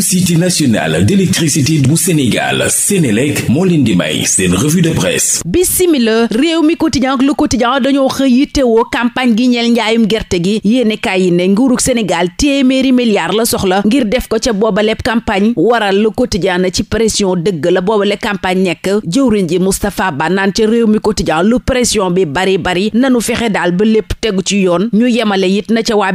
société nationale d'électricité bu Sénégal Sénélec moo leen di may seen revue de presse bisimila réew mi quotidien ak le quotidien dañoo xëy yittewoo campagne gi ñeel njaayum gerte gi yéenekaay yi ne nguurug Sénégal téeméeri milliards la soxla ngir def ko ca boobaleb campagne waral le quotidien na ci pression dëgg la boobale campagne nekk jëwriñ ji Moustapha Ba naan ca réew mi quotidien lu pression bi bari bari nanu fexe daal ba lépp tegu ci yoon na ca waa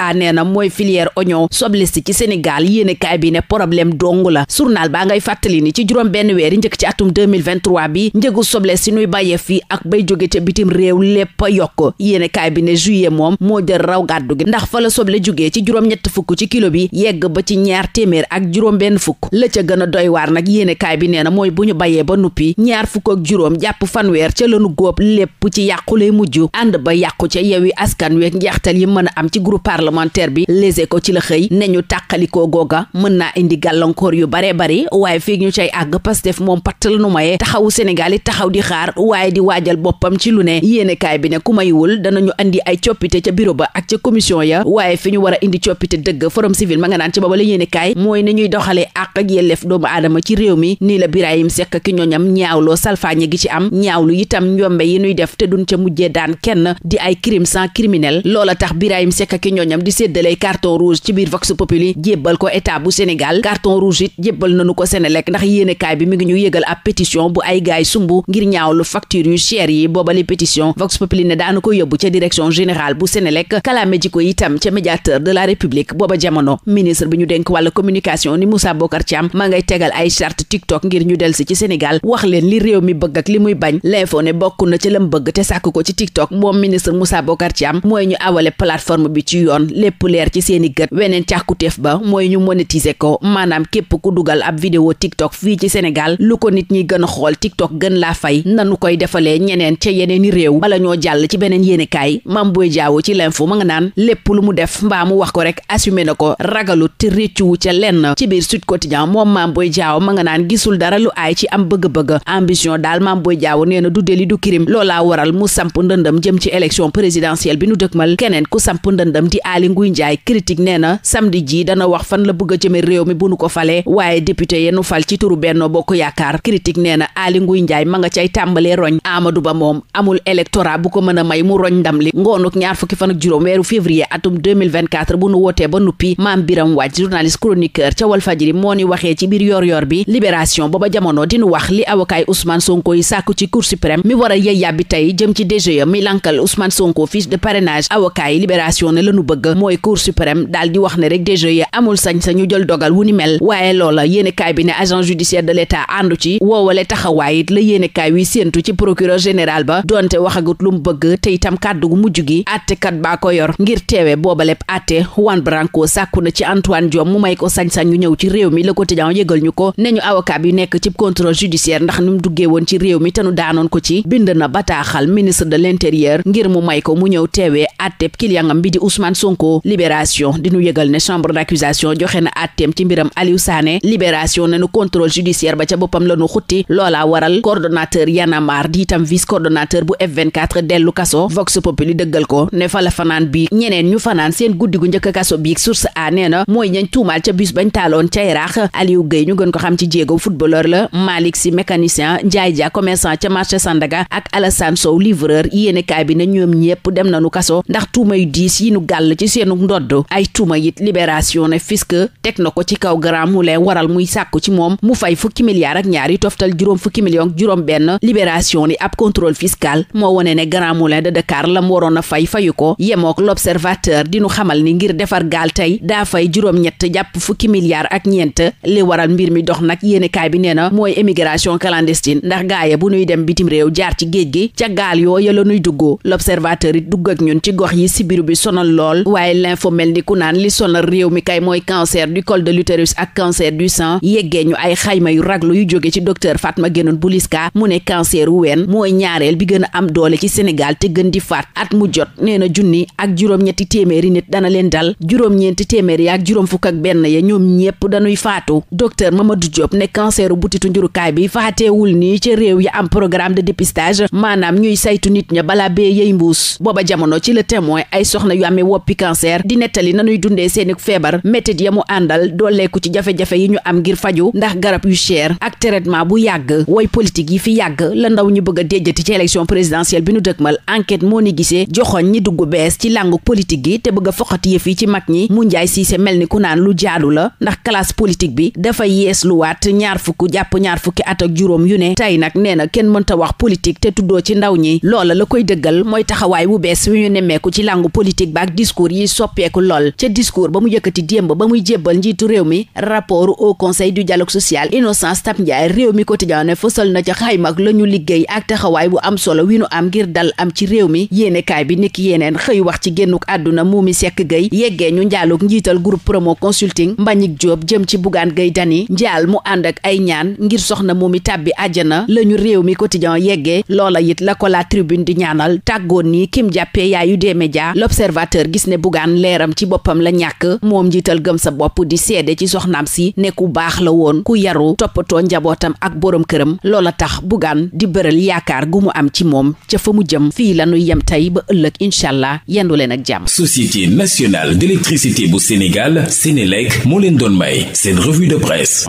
a nee na mooy filière oignon soble si ci Sénégal yéene kaay bi ne problème dong la journal baa ngay fàttali ni ci juróom benn weer weeri njëkk ci atum 2023 bi njëgu soble si nuy bàyyee fii ak bay jóge ca bitim réew lépp a yokk yéene kaay bi ne juillet moom moo jël raw gàddu gi ndax fa la soble jógee ci juróom ñett fukk ci kilo bi yegg ba ci ñaar téeméer ak juróom benn fukk la ca gën a doy waar nag yéene bi nee na mooy bu ñu bayee ba nuppi ñaar fukk ak juróom jàpp fan weer ca lanu góob lépp ci yàqu lay mujj ànd a am ci groupe bi lese ko ci la xëy ne ñu tàqalikoo googa mën naa indi gàllankoor yu bare bari waaye fii ñu cay àgg Pastef moom pattal nu mayee taxawu Sénégal taxaw di xaar waaye di waajal boppam ci lu ne yéenekaay bi ne ku maywul danañu andi ay coppite ca bureau ba ak ca commission ya waaye fi ñu war a indi coppite dëgg forum civil ma nga naan ci booba la yéenekaay mooy ne ñuy doxalee àq yelleef doomu aadama ci réew mi nii la Birahim Seck ki ñooñam ñaawloo ay carton rouge ci biir vox populi jébbal ko état bu sénégal carton rouge it jébbal nanu ko Senelec ndax yéenekaay bi mi ngi ñu yëgal ab pétition bu ay gaay sumb ngir ñaawlu facture yu cher yi boobale pétition vox populi ne daanu ko yóbbu ca direction générale bu Senelec kalaame ji ko itam ca médiateur de la république booba jamono ministre bi ñu dénk wàllu communication ni Moussa Bokar Thiam maa ngay tegal ay charte tiktok ngir ñu delsi ci sénégal wax leen li réew mi bëgg ak li muy bañ l'info ne na ci lam bëgg te sàkk ko ci tiktok moom ministre Moussa Bokar Thiam mooy ñu awale leer ci seeni gët weneen càkkutéef ba mooy ñu monétiser ko maanaam képp ku dugal ab vidéo tiktok fii ci sénégal lu ko nit ñi gën a xool tiktok gën laa fay na nu koy defalee ñeneen ca yeneeni réew bala ñoo jàll ci beneen yéenekaay mam boy jaawo ci l'info ma nga naan lépp lu mu def mbaa mu wax ko rek assumé na ko ragalut te réccuwu ca lenn ci biir Sud Quotidien moom mam boy ma nga naan gisul dara lu aay ci am bëgg-bëgg ambition daal mam boy jaawo nee na du deli du kirim loolaa waral mu samp ndëndam jëm yéenekaay critique nee na dana wax fan la bëgg a jëme réew mi bu nu ko falee waaye député yenu fal ci turu Benno Bokk Yaakaar critique nee na Aly Ngouille Ndiaye ma nga cay tàmbalee roñ Amadou Ba moom amul électorat bu ko mën a may mu roñ ndam li ngoonuk ñaar fukki fan ak juróom weeru février atum 2024 bu nu wootee ba nuppi Mame Biram Waaj journaliste chroniqueur ca Walfadjri moo ni waxee ci biir yor yor bi libération booba jamono dinu wax li avocat Ousmane Sonko yi sàkku ci Cour suprême mi war a yey yàbbi tey jëm e de parrainage avocat suprême daal di wax ne rek DGE amul sañ ñu jël dogal wu ni mel waaye loola yéene kaay bi ne agent judiciaire de l'État àndu ci woowale taxawaay it la yéene kaay wi ci procureur général ba doonte waxagut lu mu bëgg tey itam kàddu gu mujj gi àttekat baa ko yor ngir teewe booba boobaleb àtte Juan Branco sàkku na ci Antoine Diome mu may ko sañ-sañ yu ñëw ci réew mi la Le Quotidien yëgal ñu ko ne ñu avocat bi nekk ci contrôle judiciaire ndax ni mu duggee ci réew mi te nu daanoon ko ci bind na bataaxal ministre de l'intérieur ngir mu may ko mu ñëw teewee àtteb bi libération di ñu yëgal ne chambre d'accusation joxe na àtteem ci mbiram Aliou Sané libération ne nu contrôle judiciaire ba ca boppam la nu xutti loola waral coordonnateur yanamar di itam vice coordonnateur bu f dellu kaso Vox Populi dëggal ko ne fa fanaan bi ñeneen ñu fanaan seen guddi gu njëkk kaso biig source a nee na mooy ñañ tuumaal ca bus bañ taaloon ca Yaraax Aliou Gueye ñu gën ko xam ci jéego footballeur la Malick Sy mécanicien Ndiaye Dia commerçant ndodd ay tuuma yit libération ne fisc teg na ko ci kaw Grand Moulin waral muy sàkku ci moom mu fay fukki milliards ak ñaari toftal juróom fukki million juróom benn libération ni ab contrôle fiscal moo wone ne Grand Moulin de Dakar la mu waroon a fay fayu ko yemook l'observateur dinu xamal ni ngir defar gaal tey daa fay juróom-ñett jàpp fukki milliards ak ñeent li waral mbir mi dox nag yéenekaay bi nee na mooy émigration clandestine ndax gaaye bu nuy dem bitim réew jaar ci géej gi ca gaal yoo ya la nuy dugg l'observateur it dugg ak ñun ci gox yi sibiru bi sonal lool waaye l'info dafa mel ni ku naan li sonna réew mi kay mooy cancer du col de l'utérus ak cancer du sang yeggee ñu ay xayma yu raglu yu jóge ci docteur ma Guénoune Bouliska mu ne cancer wu ween mooy ñaareel bi gën a am doole ci Sénégal te gën di faat at mu jot nee na junni ak juróom-ñetti téeméeri nit dana leen dal juróom-ñeenti téeméeri ak juróom fukk ak benn ya ñoom ñépp dañuy faatu docteur Mamadou Diop ne canceru butitu njurukaay bi faateewul nii ci réew yi am programme de dépistage maanaam ñuy saytu nit ña balaa bee yey mbuus booba jamono ci le témoin ay soxna yu amee woppi cancer di nettali nanuy dundee seeni feebar métit ya mu àndal dooleeku ci jafe-jafe yi ñu am ngir faju ndax garab yu cher ak traitement bu yàgg woy politique yi fi yàgg la ndaw ñu bëgg a déjjati ci élection présidentielle bi nu dëkkmal enquête moo ni gisee joxoñ ñi dugg bees ci làngu politique gi te bëgg a foqati yëf yi ci mag ñi mu njaay siise mel ni ku naan lu jaadu la ndax classe politique bi dafay yees lu waat ñaar fukk jàpp ñaar fukki at ak juróom yu ne tey nag nee na kenn mënta wax politique te tuddoo ci ndaw ñi loola la koy dëggal mooy taxawaay bu bees wi ci làngu politique soppeeku lool ca discours ba mu yëkkati démb ba muy jébbal njiitu réew mi rapport au conseil du dialogue social Innocence Ntap Ndiaye réew mi quotidien ne fësal na ca xayma ak liggéey ak taxawaay bu am solo wi nu am ngir dal am ci réew mi yéenekaay bi niki yeneen xëy wax ci génnuk àdduna Momy Seck Gueye yeggee ñu njaaluk njiital groupe promo consulting Mbagnick Diop jëm ci Bougane Gueye Dany njaal mu ànd ak ay ñaan ngir soxna Momy tàbbi àjjana la ñu réew mi quotidien yeggee loola it la ko la tribune di ñaanal tàggoon ni kim jàppee salaire am ci boppam la ñàkk moom njiital gëm sa bopp di seede ci soxnaam si ne ku baax la woon ku yaru toppatoo njabootam ak boroom këram lool loola tax bugaan di bëral yaakaar gu mu am ci moom ca fa mu jëm fii lanu yem tey ba ëllëg incha allah yendu leen ak jàmm société nationale d'électricité bu Sénégal Sénélec moo leen doon may seen revue de presse